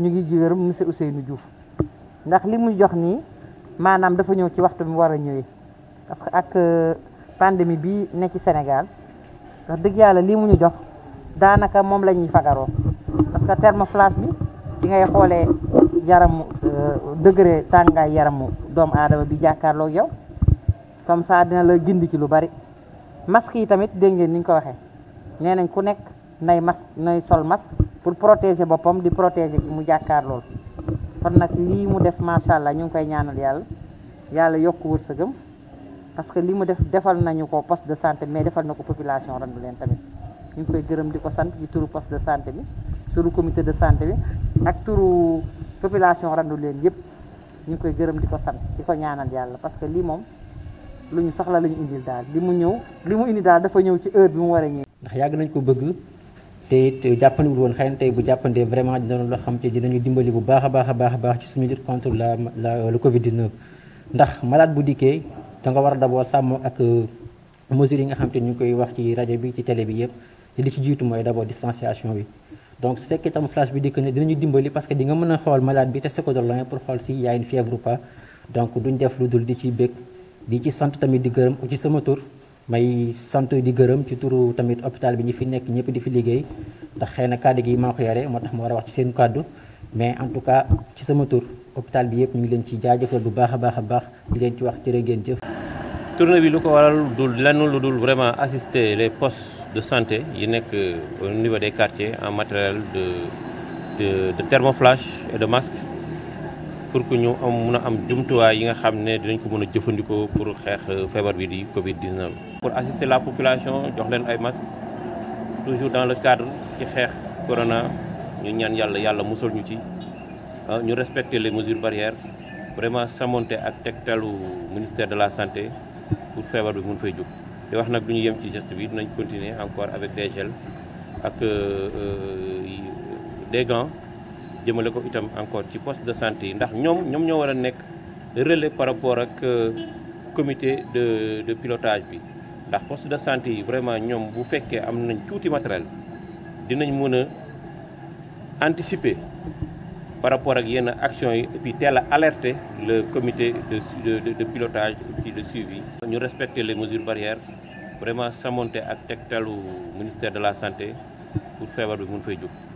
ñu ngi gërëm monsieur Ousseynou Diouf ndax li muy jox nii maanaam dafa ñëw ci waxtu bi mu parce que ak euh, pandémie bi ne ci Sénégal wax dëgg yàlla lii mu ñu jox daanaka moom la ñuy fagaroo parce que thermoflash bi di ngay yaramu euh, degré tàngaay yaramu dom aadama bi jàkkaarloog yow comme ça dina la gindi ci lu bari masque yi tamit dégg ngeen ni ñu ko waxee nee ku nay nay sol masque pour protéger boppam di protéger ki mu jàkkaar lool kon nag lii mu def macha allah ñu ngi koy ñaanal yàlla yàlla yokk wërsëgam parce que lii mu def defal nañu ko poste de santé mais defal na ko population rendu leen tamit ñu ngi koy gërëm di ko sant ci turu poste de santé bi turu comité de santé bi ak turu population rendu leen yëpp ñu ngi koy gërëm di ko sant di ko ñaanal yàlla parce que lii moom lu ñu soxla la ñu indil daal li mu ñëw li mu indi daal ñëw ci heure bi mu war a ñëw yàgg nañ ko bëgg te it jàppandiwul woon xëy na tey bu jàppandee vraiment dina loo xam te dinañu dimbali bu baax a baax a baax a baax ci suñu lutte contre la la euh, le Covid 19. ndax malade bu dikkee da nga war a d'abord sàmm ak euh, mesures yi nga xam te ñu ngi koy wax ci rajo bi ci télé bi yëpp te li ci jiitu mooy d'abord distanciation bi. donc su fekkee camouflage bi dikk ne dinañu dimbali parce que di nga mën a xool malade bi testé ko de loin pour xool si y a une fièvre ou pas donc duñ def lu dul di ci bëgg di ci sant tamit di gërëm ci sama tur. may sant di gërëm ci turu tamit hôpital bi ñu fi nekk ñëpp di fi liggéey ndax xëy na kàddu gi maa yore moo tax ma war a wax ci seen kàddu mais en tout cas ci sama tur hôpital bi yëpp ñu ngi leen ci jaajëfal bu baax a baax a baax di leen ci wax jërë ngeen jëf. tournée bi lu ko waral du lenn lu dul vraiment assister les postes de santé yi nekk euh, au niveau des quartiers en matériel de de de thermoflash et de masque. pour que nous am mun am jumtuwaay yi nga xamné ne dinañ ko mëna jëfëndiko pour euh, fièvre bi di Covid 19. pour assister la population jox leen ay masques toujours dans le cadre ci la corona ñu ñaan yalla yalla musul ñu ci ah, ñu respecter les mesures barrières vraiment samonte ak tegtalu ministère de la santé pour fièvre bi mun fay juk di wax nak duñu yëm ci geste bi dinañ continuer encore avec des gels ak euh, euh, des gants. Je me itam encore ci poste de santé Nous ndax nous relais par rapport au euh, comité de pilotage Le poste de santé vraiment nous bu fekkee am nañ matériel pour anticiper par rapport à l'action action et puis alerter le comité de pilotage et de suivi. Nous respecter les mesures barrières vraiment tel ak tel ministère de la santé pour faire ce mun fay